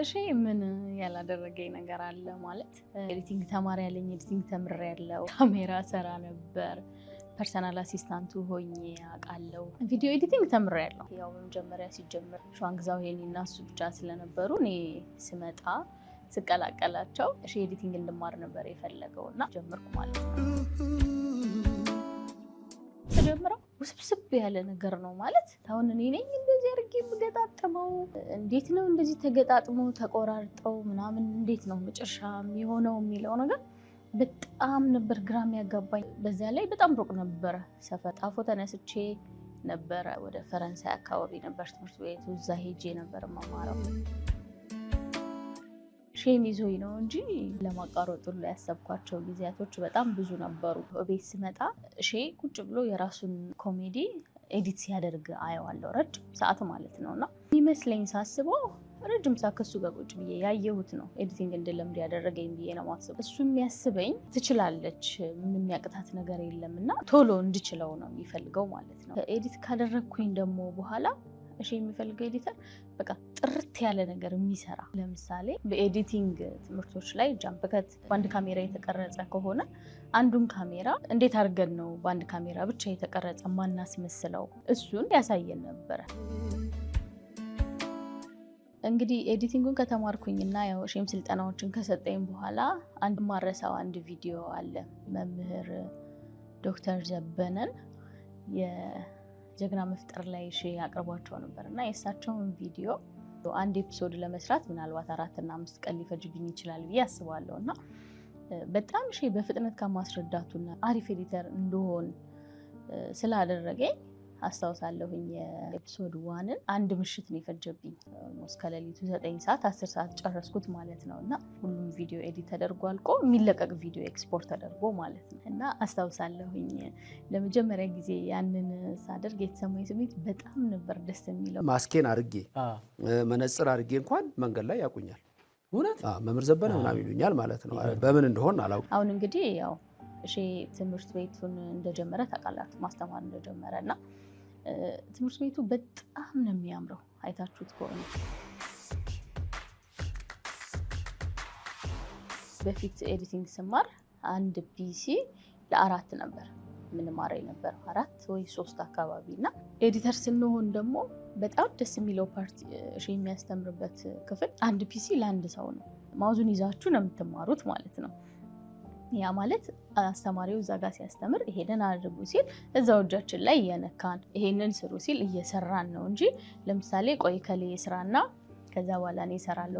እሺ ምን ያላደረገኝ ነገር አለ? ማለት ኤዲቲንግ ተማሪ ያለኝ ኤዲቲንግ ተምር ያለው ካሜራ ሰራ ነበር፣ ፐርሰናል አሲስታንቱ ሆኜ አውቃለሁ፣ ቪዲዮ ኤዲቲንግ ተምር ያለው። ያው መጀመሪያ ሲጀምር ሸንግዛው ሄኒ እና እሱ ብቻ ስለነበሩ እኔ ስመጣ ስቀላቀላቸው እሺ ኤዲቲንግ እንድማር ነበር የፈለገው እና ጀምርኩ ማለት ነው። ውስብስብ ያለ ነገር ነው ማለት አሁን እኔ ነኝ እንደዚህ አድርጌ የምገጣጥመው እንዴት ነው እንደዚህ ተገጣጥመው ተቆራርጠው ምናምን እንዴት ነው መጨረሻ የሆነው የሚለው ነገር በጣም ነበር ግራም ያጋባኝ። በዚያ ላይ በጣም ሩቅ ነበረ ሰፈር ጣፎ ተነስቼ ነበረ ወደ ፈረንሳይ አካባቢ ነበር ትምህርት ቤቱ እዛ ሄጄ ነበር መማረው ሼም ይዞኝ ነው እንጂ ለማቋረጥ ሁሉ ያሰብኳቸው ጊዜያቶች በጣም ብዙ ነበሩ። ቤት ስመጣ ሼ ቁጭ ብሎ የራሱን ኮሜዲ ኤዲት ሲያደርግ አየዋለሁ ረጅም ሰዓት ማለት ነው። እና ይመስለኝ ሳስበው ረጅም ሰዓት ከሱ ጋር ቁጭ ብዬ ያየሁት ነው ኤዲቲንግ እንድለምድ ያደረገኝ ብዬ ነው ማስበው። እሱ የሚያስበኝ ትችላለች፣ ምንም ያቅታት ነገር የለም እና ቶሎ እንድችለው ነው የሚፈልገው ማለት ነው። ኤዲት ካደረግኩኝ ደግሞ በኋላ እሺ የሚፈልገው ኤዲተር በቃ ጥርት ያለ ነገር የሚሰራ ለምሳሌ በኤዲቲንግ ትምህርቶች ላይ ጃምፕ ከት በአንድ ካሜራ የተቀረጸ ከሆነ አንዱን ካሜራ እንዴት አድርገን ነው በአንድ ካሜራ ብቻ የተቀረጸ ማናስመስለው? እሱን ያሳየን ነበረ። እንግዲህ ኤዲቲንጉን ከተማርኩኝ እና ያው ሼም ስልጠናዎችን ከሰጠኝ በኋላ አንድ ማረሳው አንድ ቪዲዮ አለ መምህር ዶክተር ዘበነን ጀግና መፍጠር ላይ ሺ አቅርቧቸው ነበር እና የእሳቸውን ቪዲዮ አንድ ኤፒሶድ ለመስራት ምናልባት አራትና አምስት ቀን ሊፈጅብኝ ይችላል ብዬ አስባለሁ እና በጣም ሺ በፍጥነት ከማስረዳቱና አሪፍ ኤዲተር እንደሆን ስላደረገኝ አስታውሳለሁኝ የኤፒሶድ ዋንን አንድ ምሽት ነው የፈጀብኝ። እስከ ሌሊቱ ዘጠኝ ሰዓት አስር ሰዓት ጨረስኩት ማለት ነው እና ሁሉም ቪዲዮ ኤዲት ተደርጎ አልቆ የሚለቀቅ ቪዲዮ ኤክስፖርት ተደርጎ ማለት ነው እና አስታውሳለሁኝ ለመጀመሪያ ጊዜ ያንን ሳደርግ የተሰማኝ ስሜት በጣም ነበር ደስ የሚለው። ማስኬን አድርጌ መነጽር አድርጌ እንኳን መንገድ ላይ ያቁኛል። እውነት መምህር ዘበነ ምናምን ይሉኛል ማለት ነው። በምን እንደሆን አላውቅም። አሁን እንግዲህ ያው እሺ ትምህርት ቤቱን እንደጀመረ ታውቃላችሁ ማስተማር እንደጀመረ እና ትምህርት ቤቱ በጣም ነው የሚያምረው አይታችሁት ከሆነ በፊት ኤዲቲንግ ስማር አንድ ፒሲ ለአራት ነበር ምንማረ ነበር አራት ወይ ሶስት አካባቢ እና ኤዲተር ስንሆን ደግሞ በጣም ደስ የሚለው ፓርቲ እሺ የሚያስተምርበት ክፍል አንድ ፒሲ ለአንድ ሰው ነው። ማውዙን ይዛችሁ ነው የምትማሩት ማለት ነው። ያ ማለት አስተማሪው እዛ ጋር ሲያስተምር ይሄንን አድርጉ ሲል እዛው እጃችን ላይ እየነካን ይሄንን ስሩ ሲል እየሰራን ነው እንጂ ለምሳሌ ቆይ ከሌ ስራና ከዛ በኋላ እኔ እሰራለሁ